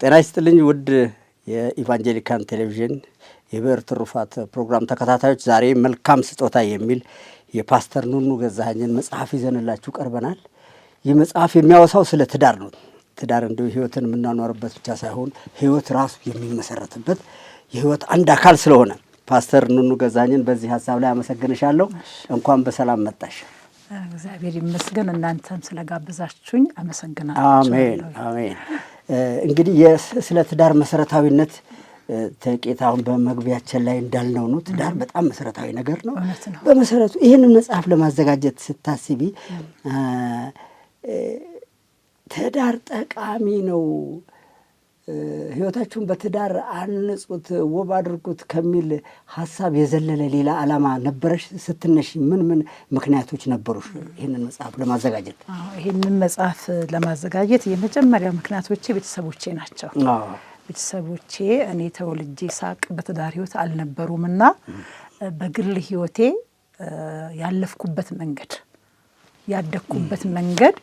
ጤና ይስጥልኝ ውድ የኢቫንጀሊካን ቴሌቪዥን የብዕር ትሩፋት ፕሮግራም ተከታታዮች፣ ዛሬ መልካም ስጦታ የሚል የፓስተር ኑኑ ገዛኸኝን መጽሐፍ ይዘንላችሁ ቀርበናል። ይህ መጽሐፍ የሚያወሳው ስለ ትዳር ነው። ትዳር እንዲሁ ህይወትን የምናኗርበት ብቻ ሳይሆን ህይወት ራሱ የሚመሰረትበት የህይወት አንድ አካል ስለሆነ ፓስተር ኑኑ ገዛኸኝን በዚህ ሀሳብ ላይ አመሰግንሻለሁ። እንኳን በሰላም መጣሽ። እግዚአብሔር ይመስገን። እናንተም ስለጋበዛችሁኝ አመሰግናለሁ። አሜን አሜን። እንግዲህ ስለ ትዳር መሰረታዊነት ተቄት አሁን በመግቢያችን ላይ እንዳልነው ነው። ትዳር በጣም መሰረታዊ ነገር ነው። በመሰረቱ ይህንን መጽሐፍ ለማዘጋጀት ስታስቢ ትዳር ጠቃሚ ነው ህይወታችሁን በትዳር አንጹት፣ ውብ አድርጉት ከሚል ሀሳብ የዘለለ ሌላ አላማ ነበረሽ? ስትነሽ ምን ምን ምክንያቶች ነበሩሽ ይህንን መጽሐፍ ለማዘጋጀት? ይህንን መጽሐፍ ለማዘጋጀት የመጀመሪያው ምክንያቶቼ ቤተሰቦቼ ናቸው። ቤተሰቦቼ እኔ ተወልጄ ሳቅ በትዳር ህይወት አልነበሩም እና በግል ህይወቴ ያለፍኩበት መንገድ ያደግኩበት መንገድ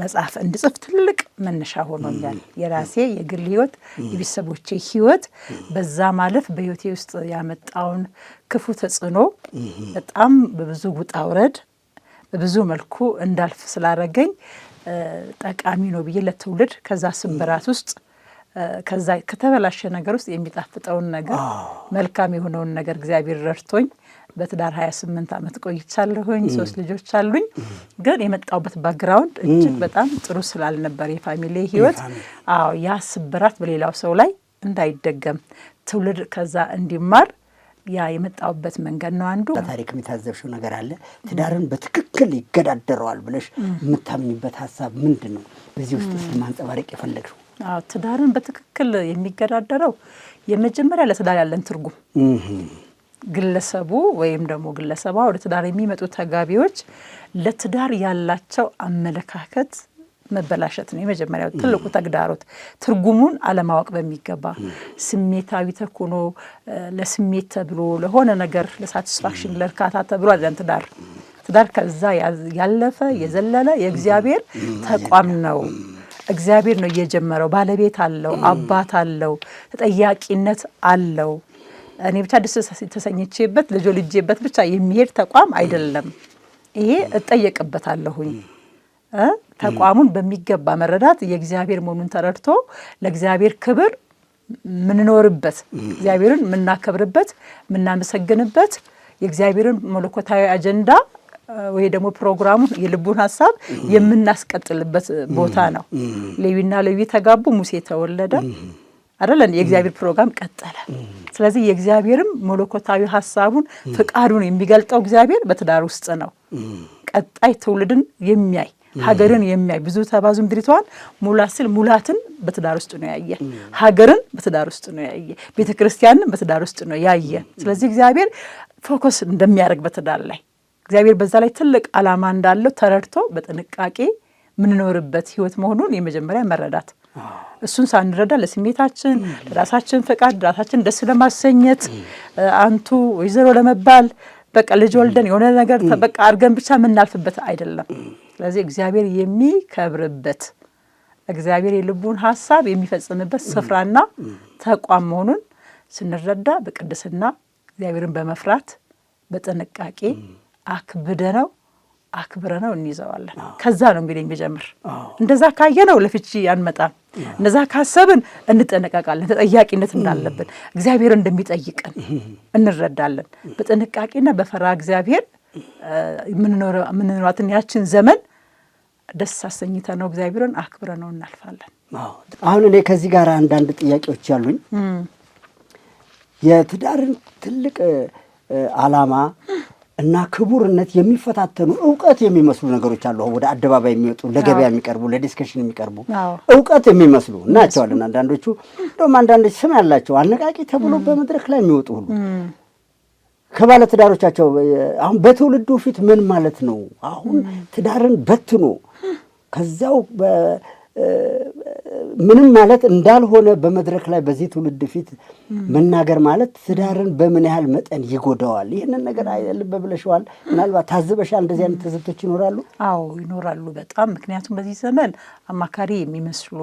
መጽሐፍ እንድጽፍ ትልቅ መነሻ ሆኖኛል። የራሴ የግል ህይወት፣ የቤተሰቦቼ ህይወት በዛ ማለፍ በህይወቴ ውስጥ ያመጣውን ክፉ ተጽዕኖ በጣም በብዙ ውጣ ውረድ በብዙ መልኩ እንዳልፍ ስላረገኝ ጠቃሚ ነው ብዬ ለትውልድ ከዛ ስብራት ውስጥ ከዛ ከተበላሸ ነገር ውስጥ የሚጣፍጠውን ነገር መልካም የሆነውን ነገር እግዚአብሔር ረድቶኝ በትዳር ስምንት ዓመት ቆይቻለሁኝ። ሶስት ልጆች አሉኝ። ግን የመጣውበት ባክግራውንድ እጅግ በጣም ጥሩ ስላልነበር የፋሚሊ ህይወት፣ አዎ ያ ስብራት በሌላው ሰው ላይ እንዳይደገም ትውልድ ከዛ እንዲማር ያ የመጣውበት መንገድ ነው። አንዱ ታሪክ የታዘብሽው ነገር አለ። ትዳርን በትክክል ይገዳደረዋል ብለሽ የምታምኝበት ሀሳብ ምንድን ነው? በዚህ ውስጥ ማንጸባረቅ የፈለግሽው? ትዳርን በትክክል የሚገዳደረው የመጀመሪያ ለትዳር ያለን ትርጉም ግለሰቡ ወይም ደግሞ ግለሰቧ ወደ ትዳር የሚመጡ ተጋቢዎች ለትዳር ያላቸው አመለካከት መበላሸት ነው የመጀመሪያው ትልቁ ተግዳሮት። ትርጉሙን አለማወቅ በሚገባ ስሜታዊ ተኩኖ ለስሜት ተብሎ ለሆነ ነገር ለሳቲስፋክሽን ለእርካታ ተብሎ አለን ትዳር። ትዳር ከዛ ያለፈ የዘለለ የእግዚአብሔር ተቋም ነው። እግዚአብሔር ነው እየጀመረው። ባለቤት አለው፣ አባት አለው፣ ተጠያቂነት አለው። እኔ ብቻ ደስ ተሰኝቼበት ልጆ ልጄበት ብቻ የሚሄድ ተቋም አይደለም። ይሄ እጠየቅበታለሁኝ። ተቋሙን በሚገባ መረዳት የእግዚአብሔር መሆኑን ተረድቶ ለእግዚአብሔር ክብር ምንኖርበት እግዚአብሔርን ምናከብርበት ምናመሰግንበት የእግዚአብሔርን መለኮታዊ አጀንዳ ወይ ደግሞ ፕሮግራሙ የልቡን ሀሳብ የምናስቀጥልበት ቦታ ነው። ሌዊና ሌዊ ተጋቡ፣ ሙሴ ተወለደ። አይደለን? የእግዚአብሔር ፕሮግራም ቀጠለ። ስለዚህ የእግዚአብሔርም መለኮታዊ ሀሳቡን ፍቃዱን የሚገልጠው እግዚአብሔር በትዳር ውስጥ ነው። ቀጣይ ትውልድን የሚያይ ሀገርን የሚያይ ብዙ ተባዙ ምድሪቷን ሙላት ሲል ሙላትን በትዳር ውስጥ ነው ያየ፣ ሀገርን በትዳር ውስጥ ነው ያየ፣ ቤተ ክርስቲያንን በትዳር ውስጥ ነው ያየ። ስለዚህ እግዚአብሔር ፎከስ እንደሚያደርግ በትዳር ላይ እግዚአብሔር በዛ ላይ ትልቅ ዓላማ እንዳለው ተረድቶ በጥንቃቄ የምንኖርበት ህይወት መሆኑን የመጀመሪያ መረዳት እሱን ሳንረዳ ለስሜታችን፣ ለራሳችን ፈቃድ ራሳችን ደስ ለማሰኘት አንቱ ወይዘሮ ለመባል በቃ ልጅ ወልደን የሆነ ነገር በቃ አድርገን ብቻ የምናልፍበት አይደለም። ስለዚህ እግዚአብሔር የሚከብርበት እግዚአብሔር የልቡን ሀሳብ የሚፈጽምበት ስፍራና ተቋም መሆኑን ስንረዳ በቅድስና እግዚአብሔርን በመፍራት በጥንቃቄ አክብደ ነው አክብረ ነው እንይዘዋለን። ከዛ ነው እንግዲህ የሚጀምር። እንደዛ ካየ ነው ለፍቺ አንመጣም። እንደዛ ካሰብን እንጠነቀቃለን። ተጠያቂነት እንዳለብን እግዚአብሔር እንደሚጠይቅን እንረዳለን። በጥንቃቄና በፈራ እግዚአብሔር የምንኖራትን ያችን ዘመን ደስ አሰኝተ ነው እግዚአብሔርን አክብረ ነው እናልፋለን። አሁን እኔ ከዚህ ጋር አንዳንድ ጥያቄዎች ያሉኝ የትዳርን ትልቅ አላማ እና ክቡርነት የሚፈታተኑ እውቀት የሚመስሉ ነገሮች አሉ። ወደ አደባባይ የሚወጡ ለገበያ የሚቀርቡ ለዲስከሽን የሚቀርቡ እውቀት የሚመስሉ እናቸዋለን። አንዳንዶቹ እንደውም አንዳንዶች ስም ያላቸው አነቃቂ ተብሎ በመድረክ ላይ የሚወጡ ሁሉ ከባለ ትዳሮቻቸው አሁን በትውልዱ ፊት ምን ማለት ነው? አሁን ትዳርን በትኖ ከዚያው ምንም ማለት እንዳልሆነ በመድረክ ላይ በዚህ ትውልድ ፊት መናገር ማለት ትዳርን በምን ያህል መጠን ይጎዳዋል። ይህንን ነገር ልብ ብለሽዋል፣ ምናልባት ታዝበሻል። እንደዚህ አይነት ትዝብቶች ይኖራሉ። አዎ ይኖራሉ በጣም ምክንያቱም በዚህ ዘመን አማካሪ የሚመስሉ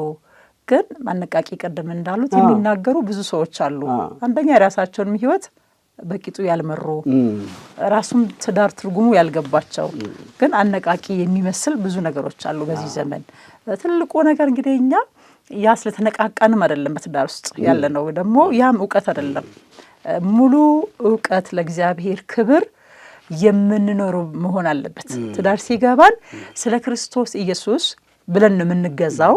ግን ማነቃቂ ቅድም እንዳሉት የሚናገሩ ብዙ ሰዎች አሉ። አንደኛ የራሳቸውንም ህይወት በቂጡ ያልመሩ ራሱም ትዳር ትርጉሙ ያልገባቸው ግን አነቃቂ የሚመስል ብዙ ነገሮች አሉ በዚህ ዘመን። ትልቁ ነገር እንግዲህ እኛ ያ ስለተነቃቃንም አይደለም በትዳር ውስጥ ያለ ነው ደግሞ ያም እውቀት አይደለም። ሙሉ እውቀት ለእግዚአብሔር ክብር የምንኖረው መሆን አለበት። ትዳር ሲገባን ስለ ክርስቶስ ኢየሱስ ብለን ነው የምንገዛው።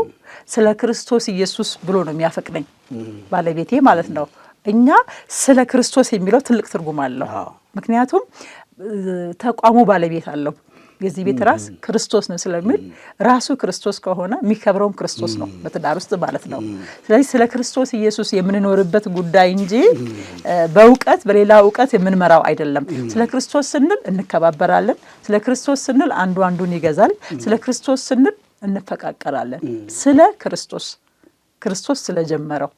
ስለ ክርስቶስ ኢየሱስ ብሎ ነው የሚያፈቅደኝ ባለቤቴ ማለት ነው። እኛ ስለ ክርስቶስ የሚለው ትልቅ ትርጉም አለው። ምክንያቱም ተቋሙ ባለቤት አለው የዚህ ቤት ራስ ክርስቶስ ነው ስለሚል ራሱ ክርስቶስ ከሆነ የሚከብረውም ክርስቶስ ነው በትዳር ውስጥ ማለት ነው። ስለዚህ ስለ ክርስቶስ ኢየሱስ የምንኖርበት ጉዳይ እንጂ በእውቀት በሌላ እውቀት የምንመራው አይደለም። ስለ ክርስቶስ ስንል እንከባበራለን። ስለ ክርስቶስ ስንል አንዱ አንዱን ይገዛል። ስለ ክርስቶስ ስንል እንፈቃቀራለን። ስለ ክርስቶስ ክርስቶስ ስለጀመረው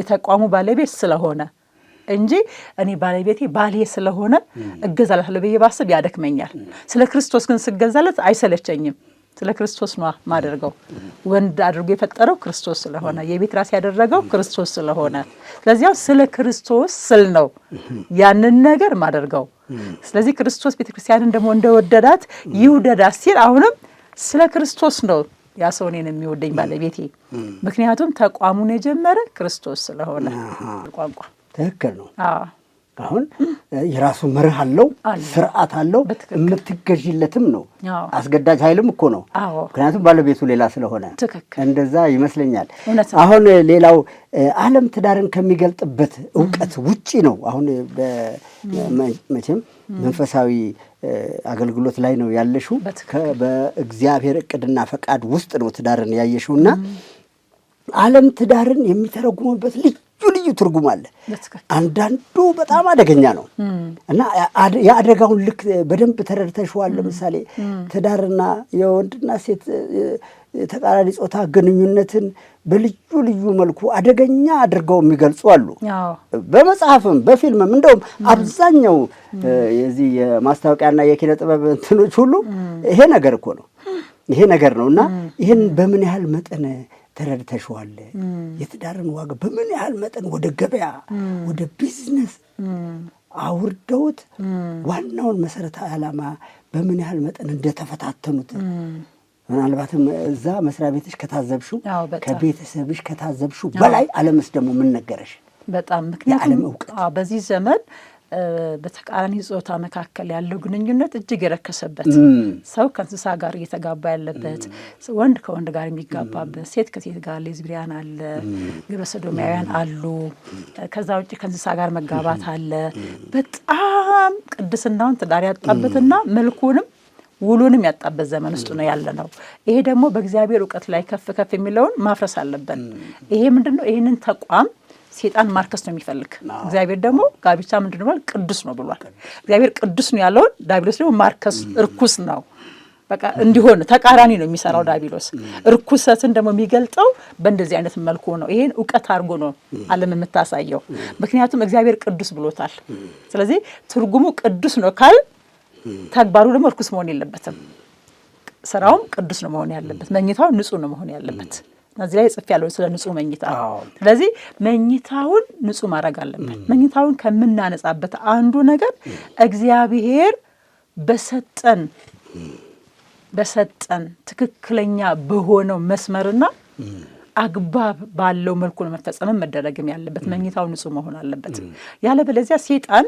የተቋሙ ባለቤት ስለሆነ እንጂ እኔ ባለቤቴ ባሌ ስለሆነ እገዛለታለሁ ብዬ ባስብ ያደክመኛል። ስለ ክርስቶስ ግን ስገዛለት አይሰለቸኝም። ስለ ክርስቶስ ነ ማደርገው። ወንድ አድርጎ የፈጠረው ክርስቶስ ስለሆነ የቤት ራስ ያደረገው ክርስቶስ ስለሆነ፣ ስለዚያው ስለ ክርስቶስ ስል ነው ያንን ነገር ማደርገው። ስለዚህ ክርስቶስ ቤተክርስቲያንን ደግሞ እንደወደዳት ይውደዳት ሲል አሁንም ስለ ክርስቶስ ነው ያ ሰው እኔን የሚወደኝ ባለቤቴ፣ ምክንያቱም ተቋሙን የጀመረ ክርስቶስ ስለሆነ ቋንቋ ትክክል ነው። አሁን የራሱ መርህ አለው፣ ስርዓት አለው፣ የምትገዥለትም ነው። አስገዳጅ ኃይልም እኮ ነው። ምክንያቱም ባለቤቱ ሌላ ስለሆነ እንደዛ ይመስለኛል። አሁን ሌላው ዓለም ትዳርን ከሚገልጥበት እውቀት ውጪ ነው። አሁን መቼም መንፈሳዊ አገልግሎት ላይ ነው ያለሽው። በእግዚአብሔር እቅድና ፈቃድ ውስጥ ነው ትዳርን ያየሽው እና ዓለም ትዳርን የሚተረጉምበት ልጅ ልዩ ትርጉም አለ። አንዳንዱ በጣም አደገኛ ነው እና የአደጋውን ልክ በደንብ ተረድተሽዋል። ለምሳሌ ትዳርና የወንድና ሴት የተቃራኒ ጾታ ግንኙነትን በልዩ ልዩ መልኩ አደገኛ አድርገው የሚገልጹ አሉ። በመጽሐፍም በፊልምም እንደውም አብዛኛው የዚህ የማስታወቂያና የኪነ ጥበብ እንትኖች ሁሉ ይሄ ነገር እኮ ነው ይሄ ነገር ነው እና ይህን በምን ያህል መጠን ተረድተሸዋለ የትዳርን ዋጋ በምን ያህል መጠን ወደ ገበያ ወደ ቢዝነስ አውርደውት ዋናውን መሰረታዊ ዓላማ በምን ያህል መጠን እንደተፈታተኑት ምናልባትም እዛ መስሪያ ቤትሽ ከታዘብሹ ከቤተሰብሽ ከታዘብሹ በላይ ዓለምስ ደግሞ ምን ነገረሽ? በጣም ምክንያቱም በዚህ ዘመን በተቃራኒ ጾታ መካከል ያለው ግንኙነት እጅግ የረከሰበት ሰው ከእንስሳ ጋር እየተጋባ ያለበት ወንድ ከወንድ ጋር የሚጋባበት ሴት ከሴት ጋር ሌዝቢያን አለ፣ ግብረ ሰዶማውያን አሉ። ከዛ ውጭ ከእንስሳ ጋር መጋባት አለ። በጣም ቅድስናውን ትዳር ያጣበትና መልኩንም ውሉንም ያጣበት ዘመን ውስጥ ነው ያለ ነው። ይሄ ደግሞ በእግዚአብሔር እውቀት ላይ ከፍ ከፍ የሚለውን ማፍረስ አለብን። ይሄ ምንድን ነው? ይህንን ተቋም ሴጣን ማርከስ ነው የሚፈልግ። እግዚአብሔር ደግሞ ጋብቻ ምንድን ነው ቅዱስ ነው ብሏል። እግዚአብሔር ቅዱስ ነው ያለውን ዳቢሎስ ደግሞ ማርከስ እርኩስ ነው በቃ እንዲሆን ተቃራኒ ነው የሚሰራው ዳቢሎስ እርኩሰትን ደግሞ የሚገልጠው በእንደዚህ አይነት መልኩ ነው። ይሄን እውቀት አድርጎ ነው ዓለም የምታሳየው። ምክንያቱም እግዚአብሔር ቅዱስ ብሎታል። ስለዚህ ትርጉሙ ቅዱስ ነው ካል ተግባሩ ደግሞ እርኩስ መሆን የለበትም። ስራውም ቅዱስ ነው መሆን ያለበት። መኝታው ንጹህ ነው መሆን ያለበት። እዚህ ላይ ጽፍ ያለው ስለ ንጹህ መኝታ ስለዚህ መኝታውን ንጹህ ማድረግ አለብን። መኝታውን ከምናነጻበት አንዱ ነገር እግዚአብሔር በሰጠን በሰጠን ትክክለኛ በሆነው መስመርና አግባብ ባለው መልኩ ነው መፈጸምም መደረግም ያለበት። መኝታው ንጹህ መሆን አለበት። ያለበለዚያ ሴጣን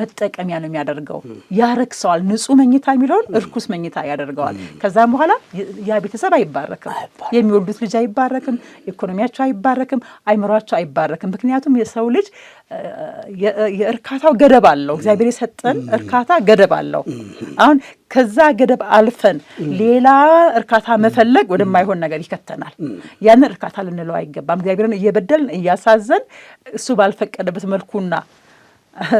መጠቀሚያ ነው የሚያደርገው፣ ያረክሰዋል። ንጹህ መኝታ የሚለውን እርኩስ መኝታ ያደርገዋል። ከዛም በኋላ ያ ቤተሰብ አይባረክም፣ የሚወልዱት ልጅ አይባረክም፣ ኢኮኖሚያቸው አይባረክም፣ አይምሯቸው አይባረክም። ምክንያቱም የሰው ልጅ የእርካታው ገደብ አለው። እግዚአብሔር የሰጠን እርካታ ገደብ አለው። አሁን ከዛ ገደብ አልፈን ሌላ እርካታ መፈለግ ወደማይሆን ነገር ይከተናል። ያንን እርካታ ልንለው አይገባም። እግዚአብሔርን እየበደልን እያሳዘን እሱ ባልፈቀደበት መልኩና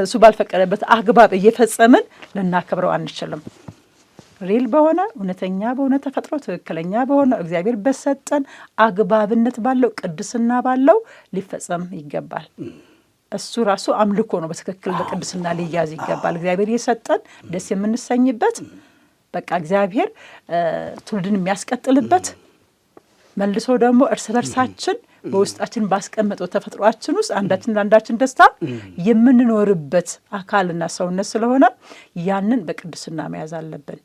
እሱ ባልፈቀደበት አግባብ እየፈጸምን ልናከብረው አንችልም። ሪል በሆነ እውነተኛ በሆነ ተፈጥሮ ትክክለኛ በሆነ እግዚአብሔር በሰጠን አግባብነት ባለው ቅድስና ባለው ሊፈጸም ይገባል። እሱ ራሱ አምልኮ ነው። በትክክል በቅድስና ሊያዝ ይገባል። እግዚአብሔር የሰጠን ደስ የምንሰኝበት በቃ እግዚአብሔር ትውልድን የሚያስቀጥልበት መልሶ ደግሞ እርስ በርሳችን በውስጣችን ባስቀመጠው ተፈጥሯችን ውስጥ አንዳችን ለአንዳችን ደስታ የምንኖርበት አካልና ሰውነት ስለሆነ ያንን በቅድስና መያዝ አለብን።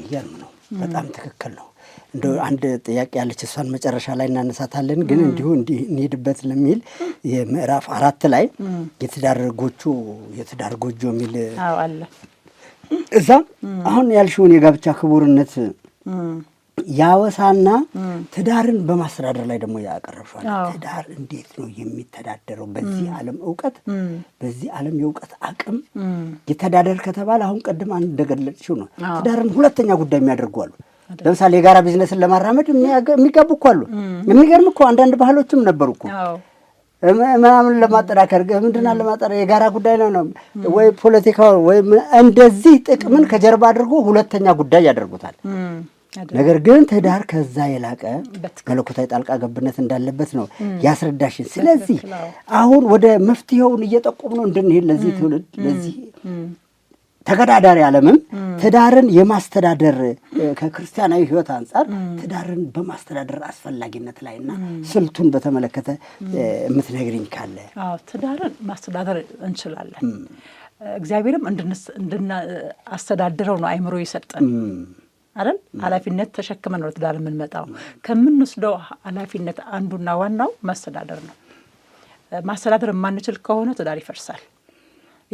ይገርም ነው። በጣም ትክክል ነው። እንደ አንድ ጥያቄ ያለች እሷን መጨረሻ ላይ እናነሳታለን። ግን እንዲሁ እንሂድበት ለሚል የምዕራፍ አራት ላይ የትዳር ጎጆ የትዳር ጎጆ የሚል እዛ አሁን ያልሽውን የጋብቻ ክቡርነት ያወሳና ትዳርን በማስተዳደር ላይ ደግሞ ያቀረብሸዋል። ትዳር እንዴት ነው የሚተዳደረው? በዚህ ዓለም እውቀት በዚህ ዓለም የእውቀት አቅም ይተዳደር ከተባለ አሁን ቀድም እንደገለጽሽው ነው ትዳርን ሁለተኛ ጉዳይ አሉ። ለምሳሌ የጋራ ቢዝነስን ለማራመድ የሚጋቡ እኮ አሉ። የሚገርም እኮ አንዳንድ ባህሎችም ነበሩ እኮ ምናምን ለማጠናከር ምንድና ለማጠና የጋራ ጉዳይ ነው ነው ወይ ፖለቲካ ወይ እንደዚህ ጥቅምን ከጀርባ አድርጎ ሁለተኛ ጉዳይ ያደርጉታል። ነገር ግን ትዳር ከዛ የላቀ መለኮታዊ ጣልቃ ገብነት እንዳለበት ነው ያስረዳሽን። ስለዚህ አሁን ወደ መፍትሄውን እየጠቆም ነው እንድንሄድ ለዚህ ትውልድ ለዚህ ተገዳዳሪ ዓለምም ትዳርን የማስተዳደር ከክርስቲያናዊ ሕይወት አንጻር ትዳርን በማስተዳደር አስፈላጊነት ላይ እና ስልቱን በተመለከተ የምትነግርኝ ካለ? አዎ ትዳርን ማስተዳደር እንችላለን። እግዚአብሔርም እንድናስተዳድረው ነው አይምሮ የሰጠን አይደል? ኃላፊነት ተሸክመን ነው ትዳር የምንመጣው። ከምንወስደው ኃላፊነት አንዱና ዋናው ማስተዳደር ነው። ማስተዳደር የማንችል ከሆነ ትዳር ይፈርሳል።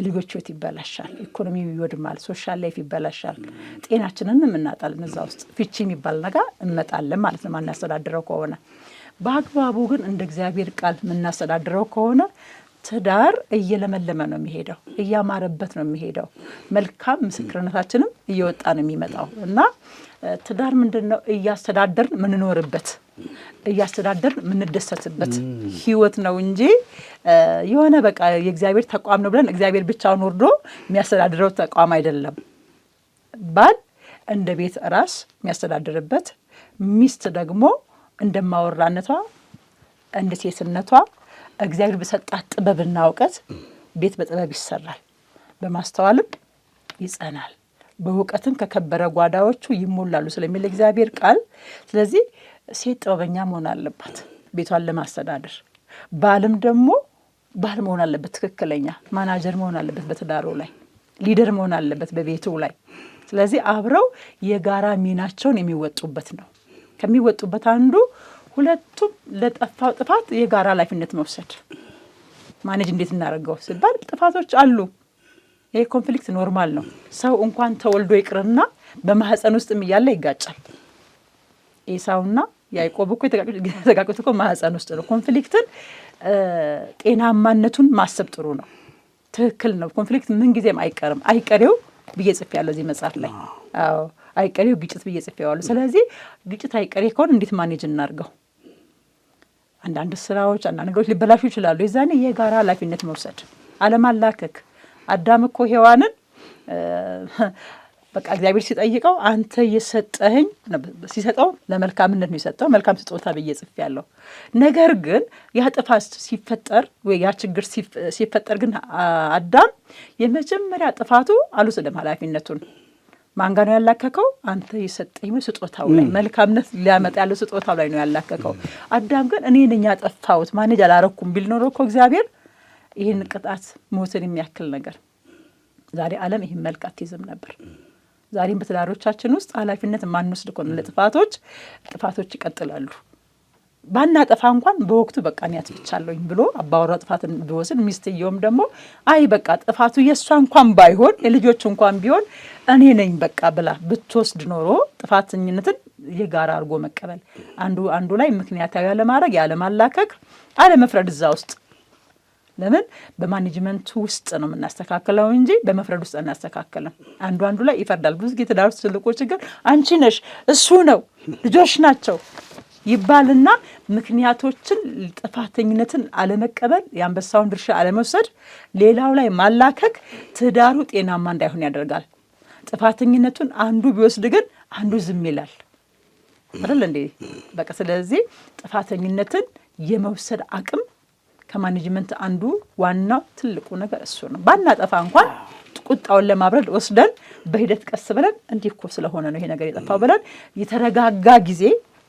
ልጆች ህይወት ይበላሻል፣ ኢኮኖሚ ይወድማል፣ ሶሻል ላይፍ ይበላሻል። ጤናችንን የምናጣልን እዛ ውስጥ ፍቺ የሚባል ነገር እንመጣለን ማለት ነው ማናስተዳድረው ከሆነ በአግባቡ ግን እንደ እግዚአብሔር ቃል የምናስተዳድረው ከሆነ ትዳር እየለመለመ ነው የሚሄደው፣ እያማረበት ነው የሚሄደው። መልካም ምስክርነታችንም እየወጣ ነው የሚመጣው እና ትዳር ምንድን ነው? እያስተዳደርን ምንኖርበት እያስተዳደርን ምንደሰትበት ህይወት ነው እንጂ የሆነ በቃ የእግዚአብሔር ተቋም ነው ብለን እግዚአብሔር ብቻውን ወርዶ የሚያስተዳድረው ተቋም አይደለም። ባል እንደ ቤት ራስ የሚያስተዳድርበት፣ ሚስት ደግሞ እንደማወራነቷ እንደ ሴትነቷ እግዚአብሔር በሰጣት ጥበብና እውቀት ቤት በጥበብ ይሰራል፣ በማስተዋልም ይጸናል። በእውቀትም ከከበረ ጓዳዎቹ ይሞላሉ ስለሚል እግዚአብሔር ቃል። ስለዚህ ሴት ጥበበኛ መሆን አለባት ቤቷን ለማስተዳደር። ባልም ደግሞ ባል መሆን አለበት ትክክለኛ ማናጀር መሆን አለበት፣ በትዳሩ ላይ ሊደር መሆን አለበት በቤቱ ላይ። ስለዚህ አብረው የጋራ ሚናቸውን የሚወጡበት ነው። ከሚወጡበት አንዱ ሁለቱም ለጠፋው ጥፋት የጋራ ኃላፊነት መውሰድ ማኔጅ እንዴት እናደርገው ሲባል ጥፋቶች አሉ ይህ ኮንፍሊክት ኖርማል ነው። ሰው እንኳን ተወልዶ ይቅርና በማህፀን ውስጥም እያለ ይጋጫል። ኤሳውና ያዕቆብ እኮ የተጋጩት እኮ ማህፀን ውስጥ ነው። ኮንፍሊክትን ጤናማነቱን ማሰብ ጥሩ ነው። ትክክል ነው። ኮንፍሊክት ምን ጊዜም አይቀርም። አይቀሬው ብዬ ጽፌያለሁ እዚህ መጽሐፍ ላይ። አዎ አይቀሬው ግጭት ብዬ ጽፌዋለሁ። ስለዚህ ግጭት አይቀሬ ከሆነ እንዴት ማኔጅ እናድርገው? አንዳንድ ስራዎች፣ አንዳንድ ነገሮች ሊበላሹ ይችላሉ። የዛኔ የጋራ ኃላፊነት መውሰድ አለማላከክ አዳም እኮ ሔዋንን በቃ እግዚአብሔር ሲጠይቀው አንተ እየሰጠህኝ ሲሰጠው ለመልካምነት ነው የሰጠው መልካም ስጦታ ብዬ ጽፍ ያለው ነገር ግን ያ ጥፋት ሲፈጠር ወይ ያ ችግር ሲፈጠር ግን አዳም የመጀመሪያ ጥፋቱ አልወሰደም ኃላፊነቱን። ማን ጋር ነው ያላከከው? አንተ የሰጠኝ ስጦታው ላይ መልካምነት ሊያመጣ ያለው ስጦታው ላይ ነው ያላከከው። አዳም ግን እኔ ነኝ ያጠፋሁት ማኔጅ አላረኩም ቢል ኖሮ እኮ እግዚአብሔር ይህን ቅጣት ሞትን የሚያክል ነገር ዛሬ አለም ይህን መልክ አትይዝም ነበር። ዛሬም በትዳሮቻችን ውስጥ ሀላፊነት ማንወስድ ከሆነ ለጥፋቶች ጥፋቶች ይቀጥላሉ። ባናጠፋ እንኳን በወቅቱ በቃ እኔ አጥፍቻለሁኝ ብሎ አባወራ ጥፋትን ቢወስድ፣ ሚስትየውም ደግሞ አይ በቃ ጥፋቱ የእሷ እንኳን ባይሆን የልጆች እንኳን ቢሆን እኔ ነኝ በቃ ብላ ብትወስድ ኖሮ ጥፋተኝነትን የጋራ አድርጎ መቀበል፣ አንዱ አንዱ ላይ ምክንያታዊ ያለማድረግ፣ ያለማላከክ፣ አለመፍረድ እዛ ውስጥ ለምን በማኔጅመንቱ ውስጥ ነው የምናስተካክለው እንጂ በመፍረድ ውስጥ አናስተካክልም። አንዱ አንዱ ላይ ይፈርዳል። ብዙ ጊዜ ትዳር ውስጥ ትልቁ ችግር አንቺ ነሽ፣ እሱ ነው፣ ልጆች ናቸው ይባልና ምክንያቶችን ጥፋተኝነትን አለመቀበል፣ የአንበሳውን ድርሻ አለመውሰድ፣ ሌላው ላይ ማላከክ ትዳሩ ጤናማ እንዳይሆን ያደርጋል። ጥፋተኝነቱን አንዱ ቢወስድ ግን አንዱ ዝም ይላል አይደል እንዴ? በቃ ስለዚህ ጥፋተኝነትን የመውሰድ አቅም ከማኔጅመንት አንዱ ዋናው ትልቁ ነገር እሱ ነው። ባናጠፋ እንኳን ቁጣውን ለማብረድ ወስደን በሂደት ቀስ ብለን እንዲህ እኮ ስለሆነ ነው ይሄ ነገር የጠፋው ብለን የተረጋጋ ጊዜ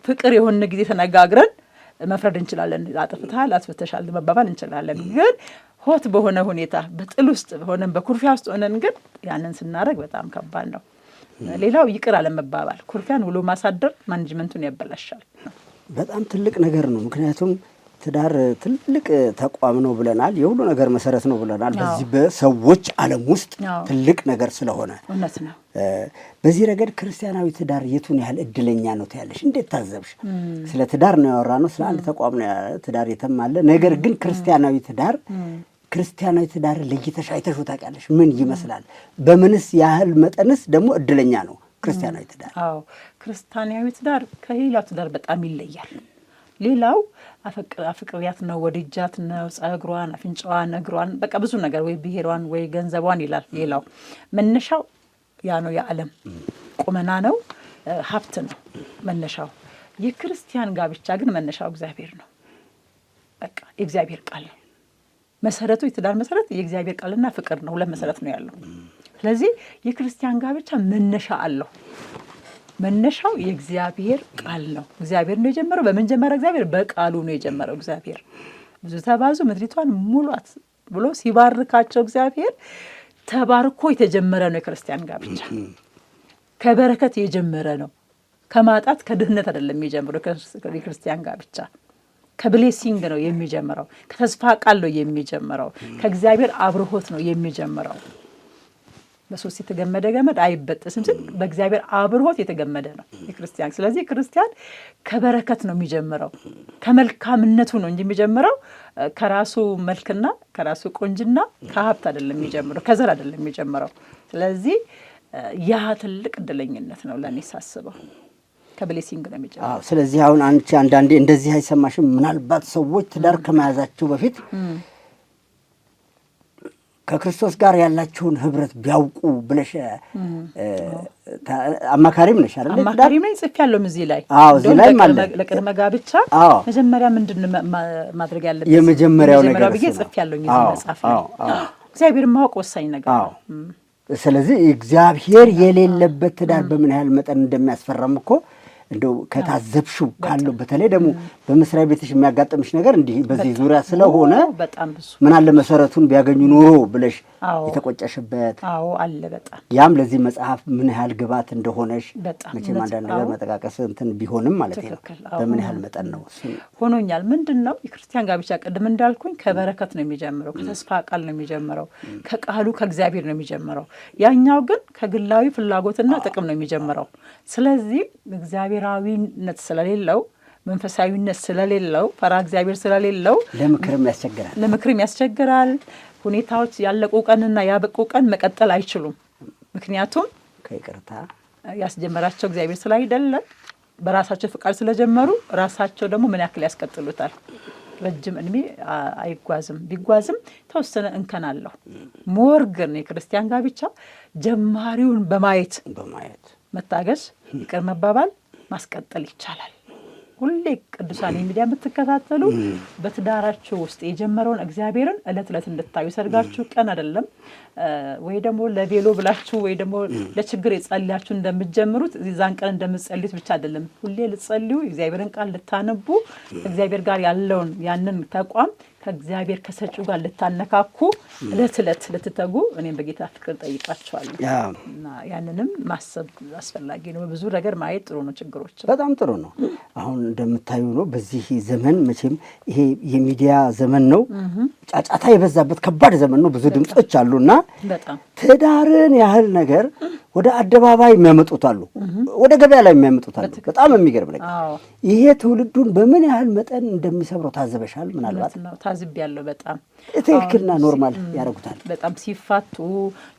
ፍቅር የሆነ ጊዜ ተነጋግረን መፍረድ እንችላለን። አጥፍተሃል፣ አስፍተሻል መባባል እንችላለን። ግን ሆት በሆነ ሁኔታ በጥል ውስጥ ሆነን በኩርፊያ ውስጥ ሆነን ግን ያንን ስናደርግ በጣም ከባድ ነው። ሌላው ይቅር አለመባባል፣ ኩርፊያን ውሎ ማሳደር ማኔጅመንቱን ያበላሻል። በጣም ትልቅ ነገር ነው። ምክንያቱም ትዳር ትልቅ ተቋም ነው ብለናል። የሁሉ ነገር መሰረት ነው ብለናል። በዚህ በሰዎች ዓለም ውስጥ ትልቅ ነገር ስለሆነ እውነት ነው። በዚህ ረገድ ክርስቲያናዊ ትዳር የቱን ያህል እድለኛ ነው ትያለሽ? እንዴት ታዘብሽ? ስለ ትዳር ነው ያወራነው፣ ስለ አንድ ተቋም ነው ትዳር የተማለ ነገር ግን ክርስቲያናዊ ትዳር ክርስቲያናዊ ትዳር ለይተሽ አይተሽ ታውቂያለሽ? ምን ይመስላል? በምንስ ያህል መጠንስ ደግሞ እድለኛ ነው ክርስቲያናዊ ትዳር? አዎ ክርስቲያናዊ ትዳር ከሌላው ትዳር በጣም ይለያል። ሌላው አፍቅሪያት ነው ወድጃት ነው ጸጉሯን፣ አፍንጫዋን፣ እግሯን በቃ ብዙ ነገር ወይ ብሔሯን ወይ ገንዘቧን ይላል። ሌላው መነሻው ያ ነው። የዓለም ቁመና ነው፣ ሀብት ነው መነሻው። የክርስቲያን ጋብቻ ግን መነሻው እግዚአብሔር ነው። በቃ የእግዚአብሔር ቃል ነው መሰረቱ። የትዳር መሰረት የእግዚአብሔር ቃልና ፍቅር ነው። ሁለት መሰረት ነው ያለው። ስለዚህ የክርስቲያን ጋብቻ መነሻ አለው። መነሻው የእግዚአብሔር ቃል ነው። እግዚአብሔር ነው የጀመረው። በመጀመሪያ እግዚአብሔር በቃሉ ነው የጀመረው። እግዚአብሔር ብዙ ተባዙ ምድሪቷን ሙሏት ብሎ ሲባርካቸው እግዚአብሔር ተባርኮ የተጀመረ ነው። የክርስቲያን ጋብቻ ከበረከት የጀመረ ነው። ከማጣት ከድህነት አይደለም የጀምረው። የክርስቲያን ጋብቻ ከብሌሲንግ ነው የሚጀምረው። ከተስፋ ቃል ነው የሚጀምረው። ከእግዚአብሔር አብርሆት ነው የሚጀምረው። በሶስት የተገመደ ገመድ አይበጠስም ስል በእግዚአብሔር አብርሆት የተገመደ ነው የክርስቲያን። ስለዚህ ክርስቲያን ከበረከት ነው የሚጀምረው፣ ከመልካምነቱ ነው እንጂ የሚጀምረው ከራሱ መልክና ከራሱ ቆንጅና ከሀብት አይደለም የሚጀምረው፣ ከዘር አይደለም የሚጀምረው። ስለዚህ ያ ትልቅ እድለኝነት ነው ለእኔ ሳስበው ከብሌሲንግ ነው የሚጀምረው። ስለዚህ አሁን አንቺ አንዳንዴ እንደዚህ አይሰማሽም? ምናልባት ሰዎች ትዳር ከመያዛቸው በፊት ከክርስቶስ ጋር ያላችሁን ህብረት ቢያውቁ ብለሽ አማካሪም ነሽ አይደል? አማካሪም ነኝ። ያለውም እዚህ ላይ አዎ፣ እዚህ ላይ ማለት ለቅድመ ጋብቻ መጀመሪያ ምንድን ማድረግ ያለበት የመጀመሪያው ነገር ብዬ ጽፌያለሁኝ እዚህ መጽሐፍ ላይ። እግዚአብሔር ማወቅ ወሳኝ ነገር ነው። ስለዚህ እግዚአብሔር የሌለበት ትዳር በምን ያህል መጠን እንደሚያስፈራም እኮ እንደው ከታዘብሽው ካለው በተለይ ደግሞ በመስሪያ ቤትሽ የሚያጋጥምሽ ነገር እንዲህ በዚህ ዙሪያ ስለሆነ ምን አለ መሰረቱን ቢያገኙ ኑሮ ብለሽ የተቆጨሽበት? አዎ አለ በጣም ያም ለዚህ መጽሐፍ ምን ያህል ግብዓት እንደሆነሽ መቼም አንዳንድ ነገር መጠቃቀስ እንትን ቢሆንም ማለት ነው። በምን ያህል መጠን ነው ሆኖኛል። ምንድን ነው የክርስቲያን ጋብቻ ቅድም እንዳልኩኝ ከበረከት ነው የሚጀምረው፣ ከተስፋ ቃል ነው የሚጀምረው፣ ከቃሉ ከእግዚአብሔር ነው የሚጀምረው። ያኛው ግን ከግላዊ ፍላጎትና ጥቅም ነው የሚጀምረው። ስለዚህ እግዚአብሔራዊነት ስለሌለው መንፈሳዊነት ስለሌለው ፈራ እግዚአብሔር ስለሌለው ለምክርም ያስቸግራል፣ ለምክርም ያስቸግራል። ሁኔታዎች ያለቁ ቀንና ያበቁ ቀን መቀጠል አይችሉም። ምክንያቱም ከይቅርታ ያስጀመራቸው እግዚአብሔር ስላይደለም በራሳቸው ፍቃድ ስለጀመሩ ራሳቸው ደግሞ ምን ያክል ያስቀጥሉታል። ረጅም እድሜ አይጓዝም፣ ቢጓዝም ተወሰነ እንከን አለው። ሞር ግን የክርስቲያን ጋብቻ ጀማሪውን በማየት በማየት መታገስ፣ ይቅር መባባል ማስቀጠል ይቻላል። ሁሌ ቅዱሳን ሚዲያ የምትከታተሉ በትዳራቸው ውስጥ የጀመረውን እግዚአብሔርን እለት እለት እንድታዩ ሰርጋችሁ ቀን አይደለም ወይ ደግሞ ለቬሎ ብላችሁ ወይ ደግሞ ለችግር የጸልያችሁ እንደምትጀምሩት እዛን ቀን እንደምትጸልዩት ብቻ አይደለም። ሁሌ ልጸልዩ እግዚአብሔርን ቃል ልታነቡ፣ እግዚአብሔር ጋር ያለውን ያንን ተቋም ከእግዚአብሔር ከሰጪው ጋር ልታነካኩ እለት እለት ልትተጉ እኔም በጌታ ፍቅር ጠይቃቸዋለሁ እና ያንንም ማሰብ አስፈላጊ ነው። ብዙ ነገር ማየት ጥሩ ነው። ችግሮች በጣም ጥሩ ነው። አሁን እንደምታዩ ነው። በዚህ ዘመን መቼም ይሄ የሚዲያ ዘመን ነው፣ ጫጫታ የበዛበት ከባድ ዘመን ነው። ብዙ ድምፆች እና ትዳርን ያህል ነገር ወደ አደባባይ የሚያመጡታሉ፣ ወደ ገበያ ላይ የሚያመጡታሉ። በጣም የሚገርም ነገር ይሄ ትውልዱን በምን ያህል መጠን እንደሚሰብረው ታዘበሻል ምናልባት ታዝብ ያለው በጣም ትክክልና ኖርማል ያደርጉታል። በጣም ሲፋቱ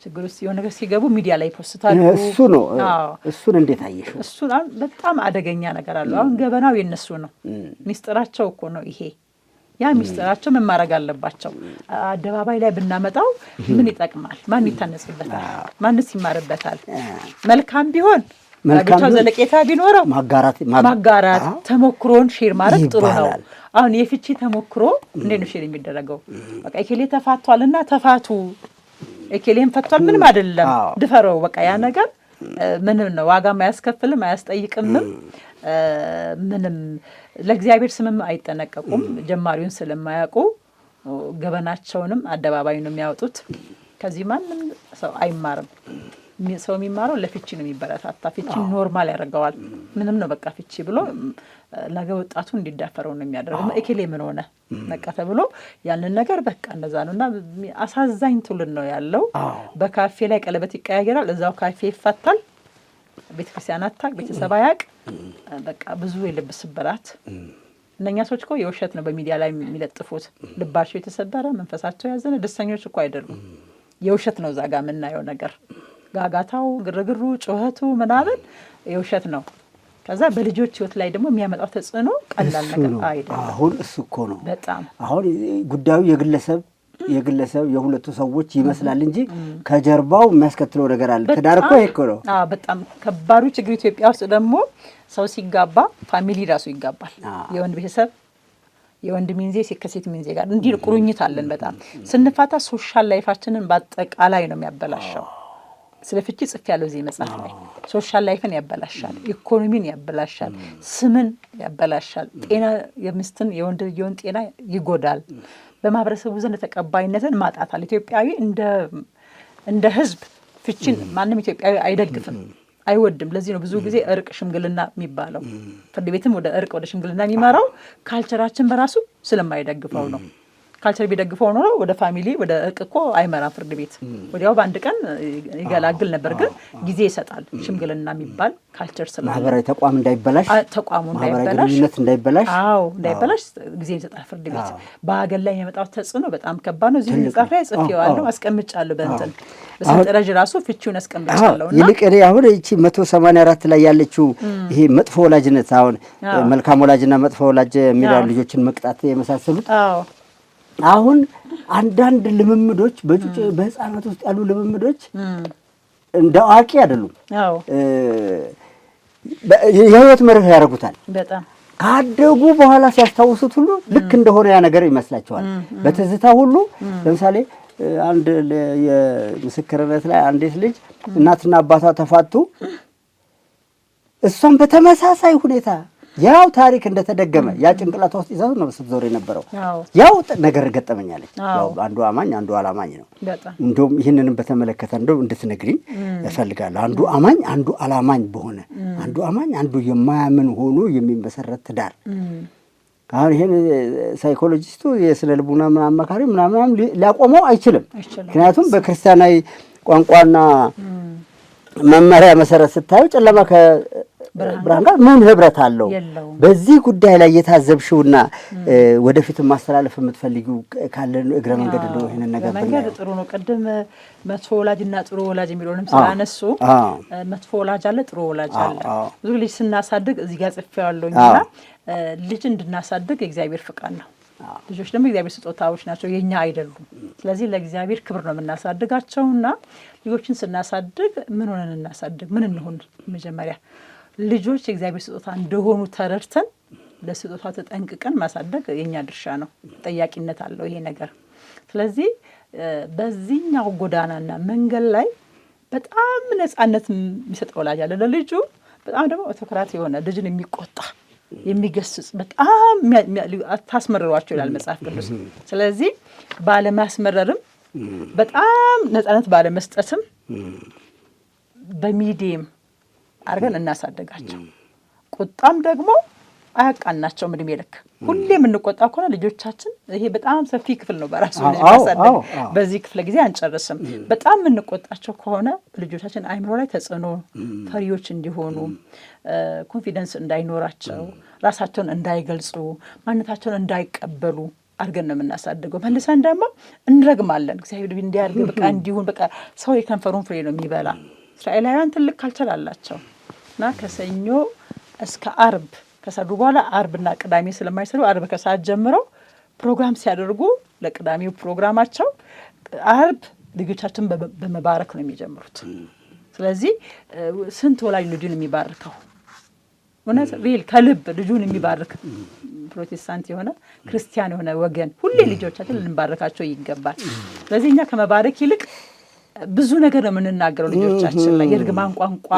ችግር ውስጥ የሆነ ነገር ሲገቡ ሚዲያ ላይ ፖስታል። እሱ ነው እሱን እንዴት አየሽው? እሱ በጣም አደገኛ ነገር አለው። አሁን ገበናው የነሱ ነው። ሚስጥራቸው እኮ ነው ይሄ ያ ሚስጥራቸው ምን ማድረግ አለባቸው? አደባባይ ላይ ብናመጣው ምን ይጠቅማል? ማን ይታነጽበታል? ማንስ ይማርበታል? መልካም ቢሆን መልካም ዘለቄታ ቢኖረው ማጋራት ተሞክሮን ሼር ማድረግ ጥሩ ነው። አሁን የፍቺ ተሞክሮ እንዴት ነው ሼር የሚደረገው? በቃ ኤኬሌ ተፋቷልና ተፋቱ፣ ኤኬሌም ፈቷል፣ ምንም አይደለም፣ ድፈረው በቃ ያ ነገር ምንም ነው ዋጋም አያስከፍልም አያስጠይቅምም። ምንም ለእግዚአብሔር ስምም አይጠነቀቁም። ጀማሪውን ስለማያውቁ ገበናቸውንም አደባባይ ነው የሚያወጡት። ከዚህ ማንም ሰው አይማርም። ሰው የሚማረው ለፍቺ ነው የሚበረታታ። ፍቺ ኖርማል ያደርገዋል። ምንም ነው በቃ ፍቺ ብሎ ነገ ወጣቱ እንዲዳፈረው ነው የሚያደርገው። እኬሌ ምን ሆነ በቃ ተብሎ ያንን ነገር በቃ እንደዛ ነው እና አሳዛኝ ትውልድ ነው ያለው። በካፌ ላይ ቀለበት ይቀያየራል፣ እዛው ካፌ ይፈታል። ቤተክርስቲያን አታቅ፣ ቤተሰብ አያቅ፣ በቃ ብዙ የልብ ስብራት እነኛ ሰዎች እኮ የውሸት ነው በሚዲያ ላይ የሚለጥፉት። ልባቸው የተሰበረ መንፈሳቸው ያዘነ ደስተኞች እኮ አይደሉም። የውሸት ነው እዛ የምናየው ነገር፣ ጋጋታው፣ ግርግሩ፣ ጩኸቱ ምናምን የውሸት ነው። ከዛ በልጆች ህይወት ላይ ደግሞ የሚያመጣው ተጽዕኖ ቀላል ነገር አይደለም። አሁን እሱ እኮ ነው በጣም አሁን ጉዳዩ የግለሰብ የግለሰብ የሁለቱ ሰዎች ይመስላል እንጂ ከጀርባው የሚያስከትለው ነገር አለ። ትዳር እኮ ይሄ እኮ ነው በጣም ከባዱ ችግር። ኢትዮጵያ ውስጥ ደግሞ ሰው ሲጋባ ፋሚሊ ራሱ ይጋባል። የወንድ ቤተሰብ የወንድ ሚንዜ ከሴት ሚንዜ ጋር እንዲህ ቁርኝት አለን። በጣም ስንፋታ ሶሻል ላይፋችንን በአጠቃላይ ነው የሚያበላሸው። ስለ ፍቺ ጽፍ ያለው እዚህ መጽሐፍ ላይ ሶሻል ላይፍን ያበላሻል፣ ኢኮኖሚን ያበላሻል፣ ስምን ያበላሻል፣ ጤና የሚስትን የወንድየውን ጤና ይጎዳል። በማህበረሰቡ ዘንድ ተቀባይነትን ማጣታል። ኢትዮጵያዊ እንደ ህዝብ ፍቺን ማንም ኢትዮጵያዊ አይደግፍም፣ አይወድም። ለዚህ ነው ብዙ ጊዜ እርቅ፣ ሽምግልና የሚባለው ፍርድ ቤትም ወደ እርቅ ወደ ሽምግልና የሚመራው ካልቸራችን በራሱ ስለማይደግፈው ነው። ካልቸር ቢደግፈው ኖሮ ወደ ፋሚሊ ወደ እቅ እኮ አይመራ ፍርድ ቤት ወዲያው በአንድ ቀን ይገላግል ነበር። ግን ጊዜ ይሰጣል። ሽምግልና የሚባል ካልቸር ስለ ማህበራዊ ተቋም እንዳይበላሽ ተቋሙ እንዳይበላሽ እንዳይበላሽ አዎ እንዳይበላሽ ጊዜ ይሰጣል ፍርድ ቤት። በሀገር ላይ የመጣው ተጽዕኖ በጣም ከባድ ነው። እዚህ መጽሐፍ ላይ ጽፌዋለሁ፣ አስቀምጫለሁ በእንትን በሰንጠረዥ ራሱ ፍቺውን አስቀምጫለሁ። ይልቅ እኔ አሁን ይቺ መቶ ሰማንያ አራት ላይ ያለችው ይሄ መጥፎ ወላጅነት አሁን መልካም ወላጅና መጥፎ ወላጅ የሚላሉ ልጆችን መቅጣት የመሳሰሉት አሁን አንዳንድ ልምምዶች በጩጬ በህፃናት ውስጥ ያሉ ልምምዶች እንደ አዋቂ አይደሉም። የህይወት መርህ ያደርጉታል። ካደጉ በኋላ ሲያስታውሱት ሁሉ ልክ እንደሆነ ያ ነገር ይመስላቸዋል። በትዝታ ሁሉ ለምሳሌ አንድ የምስክርነት ላይ አንዲት ልጅ እናትና አባቷ ተፋቱ። እሷም በተመሳሳይ ሁኔታ ያው ታሪክ እንደተደገመ ያ ጭንቅላት ውስጥ ይዛት ነው ዞር የነበረው። ያው ነገር ገጠመኛለች። አንዱ አማኝ አንዱ አላማኝ ነው። እንዲሁም ይህንንም በተመለከተ እንደው እንድትነግሪኝ እፈልጋለሁ። አንዱ አማኝ አንዱ አላማኝ በሆነ አንዱ አማኝ አንዱ የማያምን ሆኖ የሚመሰረት ትዳር አሁን ይህን ሳይኮሎጂስቱ የስነ ልቡና አማካሪ ምናምናም ሊያቆመው አይችልም። ምክንያቱም በክርስቲያናዊ ቋንቋና መመሪያ መሰረት ስታዩ ጨለማ ብርሃን ጋር ምን ህብረት አለው? በዚህ ጉዳይ ላይ የታዘብሽውና ወደፊትም ማስተላለፍ የምትፈልጊው ካለ እግረ መንገድ እንደው ይሄንን ነገር መንገድ ጥሩ ነው። ቅድም መጥፎ ወላጅ እና ጥሩ ወላጅ የሚለውንም ስላነሱ መጥፎ ወላጅ አለ፣ ጥሩ ወላጅ አለ። ብዙ ልጅ ስናሳድግ እዚህ ጋር ጽፌዋለሁኝና ልጅ እንድናሳድግ የእግዚአብሔር ፍቃድ ነው። ልጆች ደግሞ የእግዚአብሔር ስጦታዎች ናቸው፣ የኛ አይደሉም። ስለዚህ ለእግዚአብሔር ክብር ነው የምናሳድጋቸው እና ልጆችን ስናሳድግ ምን ሆነን እናሳድግ? ምን እንሆን መጀመሪያ ልጆች የእግዚአብሔር ስጦታ እንደሆኑ ተረድተን ለስጦታ ተጠንቅቀን ማሳደግ የኛ ድርሻ ነው። ጠያቂነት አለው ይሄ ነገር። ስለዚህ በዚህኛው ጎዳናና መንገድ ላይ በጣም ነፃነት የሚሰጥ ወላጅ አለ ለልጁ። በጣም ደግሞ ኦቶክራት የሆነ ልጅን የሚቆጣ የሚገስጽ በጣም ታስመረሯቸው ይላል መጽሐፍ ቅዱስ። ስለዚህ ባለማስመረርም በጣም ነፃነት ባለመስጠትም በሚዲየም አድርገን እናሳደጋቸው። ቁጣም ደግሞ አያቃናቸውም እድሜ ልክ። ሁሌ የምንቆጣ ከሆነ ልጆቻችን ይሄ በጣም ሰፊ ክፍል ነው በራሱ ማሳደግ፣ በዚህ ክፍለ ጊዜ አንጨርስም። በጣም የምንቆጣቸው ከሆነ ልጆቻችን አይምሮ ላይ ተጽዕኖ፣ ፈሪዎች እንዲሆኑ፣ ኮንፊደንስ እንዳይኖራቸው፣ ራሳቸውን እንዳይገልጹ፣ ማንነታቸውን እንዳይቀበሉ አድርገን ነው የምናሳድገው። መልሰን ደግሞ እንረግማለን። እግዚአብሔር እንዲያርግ በቃ እንዲሁን በቃ ሰው የከንፈሩን ፍሬ ነው የሚበላ እስራኤላውያን ትልቅ ካልቸር አላቸው እና ከሰኞ እስከ አርብ ከሰሩ በኋላ አርብና ቅዳሜ ስለማይሰሩ አርብ ከሰዓት ጀምረው ፕሮግራም ሲያደርጉ ለቅዳሜው ፕሮግራማቸው አርብ ልጆቻችን በመባረክ ነው የሚጀምሩት። ስለዚህ ስንት ወላጅ ልጁን የሚባርከው እውነት ሪል ከልብ ልጁን የሚባርክ ፕሮቴስታንት የሆነ ክርስቲያን የሆነ ወገን ሁሌ ልጆቻችን ልንባርካቸው ይገባል። ስለዚህ እኛ ከመባረክ ይልቅ ብዙ ነገር ነው የምንናገረው ልጆቻችን ላይ የእርግማን ቋንቋ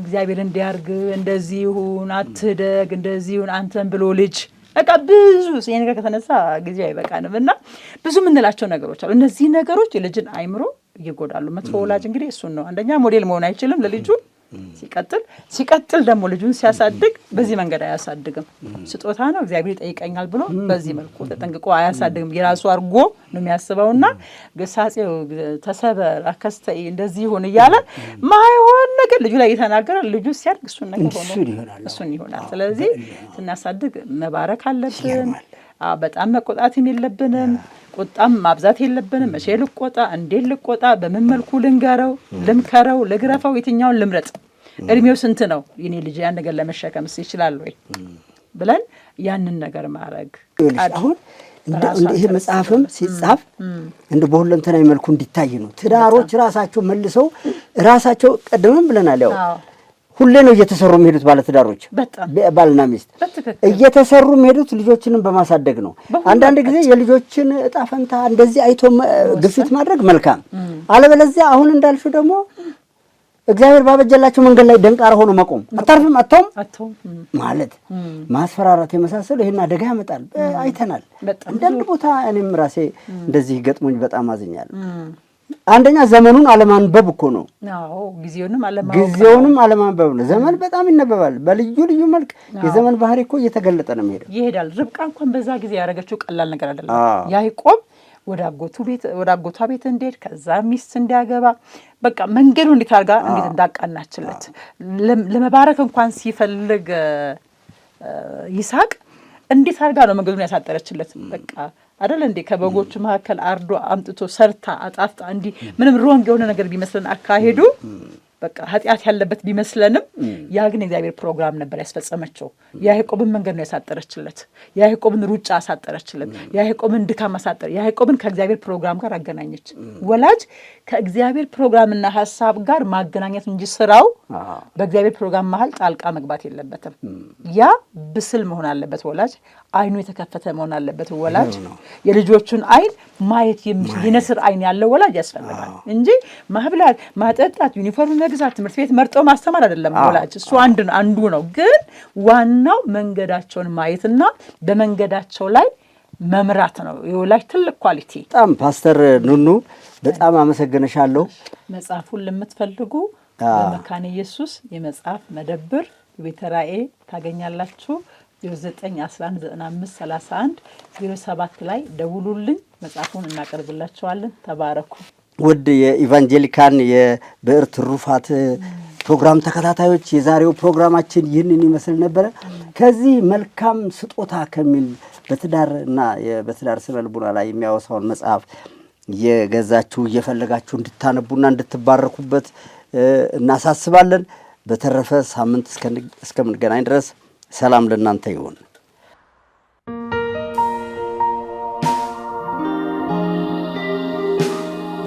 እግዚአብሔር እንዲያርግ እንደዚህ ይሁን አትደግ እንደዚሁን አንተን ብሎ ልጅ በቃ ብዙ ይሄ ነገር ከተነሳ ጊዜ አይበቃንም እና ብዙ የምንላቸው ነገሮች አሉ። እነዚህ ነገሮች የልጅን አይምሮ ይጎዳሉ። መጥፎ ወላጅ እንግዲህ እሱን ነው አንደኛ ሞዴል መሆን አይችልም ለልጁ ሲቀጥል ሲቀጥል ደግሞ ልጁን ሲያሳድግ በዚህ መንገድ አያሳድግም። ስጦታ ነው እግዚአብሔር ይጠይቀኛል ብሎ በዚህ መልኩ ተጠንቅቆ አያሳድግም። የራሱ አድርጎ ነው የሚያስበውና ግሳጼው ተሰበር አከስተ እንደዚህ ይሁን እያለ ማይሆን ነገር ልጁ ላይ እየተናገረ ልጁ ሲያድግ እሱን ነገር ሆኖ እሱን ይሆናል። ስለዚህ ስናሳድግ መባረክ አለብን። በጣም መቆጣትም የለብንም ቁጣም ማብዛት የለብንም። መቼ ልቆጣ፣ እንዴት ልቆጣ፣ በምን መልኩ ልንገረው፣ ልምከረው፣ ልግረፈው፣ የትኛውን ልምረጥ፣ እድሜው ስንት ነው፣ የኔ ልጅ ያን ነገር ለመሸከምስ ይችላል ወይ ብለን ያንን ነገር ማድረግ አሁን ይህ መጽሐፍም ሲጻፍ እንደ በሁለንተናዊ መልኩ እንዲታይ ነው። ትዳሮች ራሳቸው መልሰው ራሳቸው ቀደምም ብለናል ያው ሁሌ ነው እየተሰሩ የሚሄዱት ባለትዳሮች ባልና ሚስት እየተሰሩ የሚሄዱት ልጆችንም በማሳደግ ነው። አንዳንድ ጊዜ የልጆችን እጣ ፈንታ እንደዚህ አይቶ ግፊት ማድረግ መልካም፣ አለበለዚያ አሁን እንዳልሹ ደግሞ እግዚአብሔር ባበጀላቸው መንገድ ላይ ደንቃራ ሆኖ መቆም አታርፍም፣ አቶም ማለት ማስፈራራት የመሳሰሉ ይህን አደጋ ያመጣል። አይተናል። አንዳንድ ቦታ እኔም ራሴ እንደዚህ ገጥሞኝ በጣም አዝኛለሁ። አንደኛ ዘመኑን አለማንበብ እኮ ነው። ጊዜውንም አለማንበብ ነው። ዘመን በጣም ይነበባል። በልዩ ልዩ መልክ የዘመን ባህሪ እኮ እየተገለጠ ነው ሄደ ይሄዳል። ርብቃ እንኳን በዛ ጊዜ ያደረገችው ቀላል ነገር አይደለም። ያዕቆብ ወደ ወደ አጎቷ ቤት እንዲሄድ ከዛ ሚስት እንዲያገባ በቃ መንገዱ እንዴት አድርጋ እንዴት እንዳቃናችለት ለመባረክ እንኳን ሲፈልግ ይስሐቅ እንዴት አድርጋ ነው መንገዱን ያሳጠረችለት በቃ አደለ እንዴ? ከበጎቹ መካከል አርዶ አምጥቶ ሰርታ አጣፍጣ እንዲህ ምንም ሮንግ የሆነ ነገር ቢመስለን አካሄዱ በቃ ኃጢአት ያለበት ቢመስለንም ያ ግን እግዚአብሔር ፕሮግራም ነበር ያስፈጸመችው። የያዕቆብን መንገድ ነው ያሳጠረችለት። የያዕቆብን ሩጫ አሳጠረችለት። የያዕቆብን ድካም አሳጠረ። የያዕቆብን ከእግዚአብሔር ፕሮግራም ጋር አገናኘች። ወላጅ ከእግዚአብሔር ፕሮግራምና ሀሳብ ጋር ማገናኘት እንጂ ስራው በእግዚአብሔር ፕሮግራም መሀል ጣልቃ መግባት የለበትም። ያ ብስል መሆን አለበት ወላጅ፣ አይኑ የተከፈተ መሆን አለበት ወላጅ። የልጆቹን አይን ማየት የንስር አይን ያለው ወላጅ ያስፈልጋል እንጂ ማብላት፣ ማጠጣት፣ ዩኒፎርም መግዛት፣ ትምህርት ቤት መርጦ ማስተማር አይደለም ወላጅ። እሱ አንዱ ነው፣ ግን ዋናው መንገዳቸውን ማየትና በመንገዳቸው ላይ መምራት ነው ላይ ትልቅ ኳሊቲ። በጣም ፓስተር ኑኑ በጣም አመሰግንሻለሁ። መጽሐፉን ለምትፈልጉ በመካነ ኢየሱስ የመጽሐፍ መደብር ቤተ ራእይ ታገኛላችሁ። 09119531 07 ላይ ደውሉልኝ። መጽሐፉን እናቀርብላችኋለን። ተባረኩ። ውድ የኢቫንጀሊካን የብዕር ትሩፋት ፕሮግራም ተከታታዮች የዛሬው ፕሮግራማችን ይህንን ይመስል ነበረ። ከዚህ መልካም ስጦታ ከሚል በትዳር እና በትዳር ስነ ልቡና ላይ የሚያወሳውን መጽሐፍ የገዛችሁ እየፈለጋችሁ እንድታነቡና እንድትባረኩበት እናሳስባለን። በተረፈ ሳምንት እስከምንገናኝ ድረስ ሰላም ለእናንተ ይሁን።